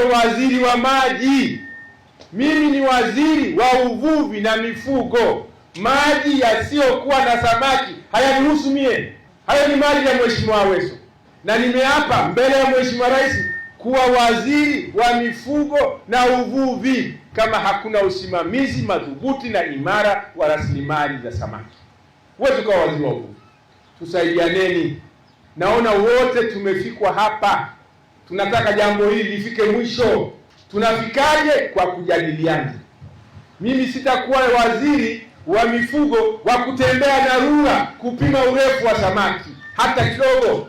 ndiyo waziri wa maji, mimi ni waziri wa uvuvi na mifugo. Maji yasiyokuwa na samaki hayanihusu mie, hayo ni mali ya Mheshimiwa Aweso, na nimeapa mbele ya Mheshimiwa Rais kuwa waziri wa mifugo na uvuvi kama hakuna usimamizi madhubuti na imara wa rasilimali za samaki. Wewe kwa waziri wa uvuvi. Tusaidianeni, naona wote tumefikwa hapa tunataka jambo hili lifike mwisho. Tunafikaje? Kwa kujadiliana. Mimi sitakuwa waziri wa mifugo wa kutembea na rula kupima urefu wa samaki hata kidogo.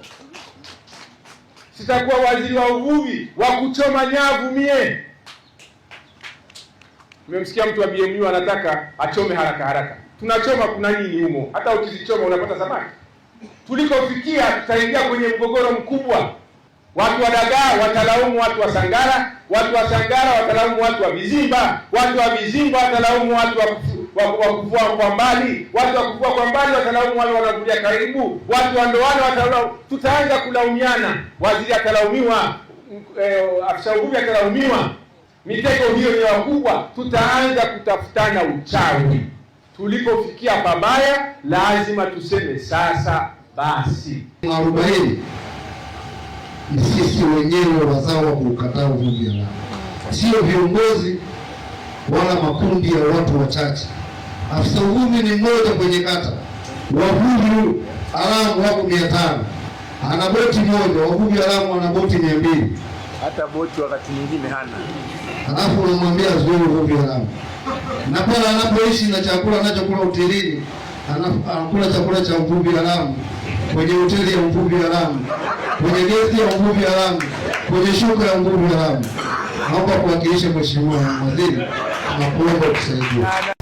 Sitakuwa waziri wa uvuvi wa kuchoma nyavu mie. Umemsikia mtu wa BMU anataka achome haraka haraka. Tunachoma kuna nini humo? Hata ukizichoma unapata samaki. Tulikofikia tutaingia kwenye mgogoro mkubwa. Watu wa Dagaa watalaumu watu wa Sangara, watu wa Sangara watalaumu watu wa Vizimba, watu wa Vizimba watalaumu watu wa wa kuvua kwa mbali, watu wa kuvua kwa mbali watalaumu wale wanakuja karibu, watu wa ndoano watalaumu. Tutaanza kulaumiana, waziri atalaumiwa, eh, afisa uvuvi atalaumiwa. Mitego hiyo ni wakubwa, tutaanza kutafutana uchawi. Tulipofikia pabaya, lazima tuseme sasa basi arobaini ni sisi wenyewe wazao wa kuukataa uvuvi haramu, sio viongozi wala makundi ya watu wachache. Afisa uvuvi ni mmoja kwenye kata, wavuvi haramu wako mia tano, ana boti moja. Wavuvi haramu ana boti mia mbili, hata boti wakati mwingine hana. Alafu unamwambia azuie uvuvi haramu, na pale anapoishi na chakula anachokula hotelini anakula chakula cha uvuvi haramu kwenye hoteli ya uvuvi haramu kwenye gesti ya ngumi ya Lamu, kwenye shuka ya ngumi ya Lamu. Naomba kuwakilisha Mheshimiwa Waziri na kuomba kusaidia.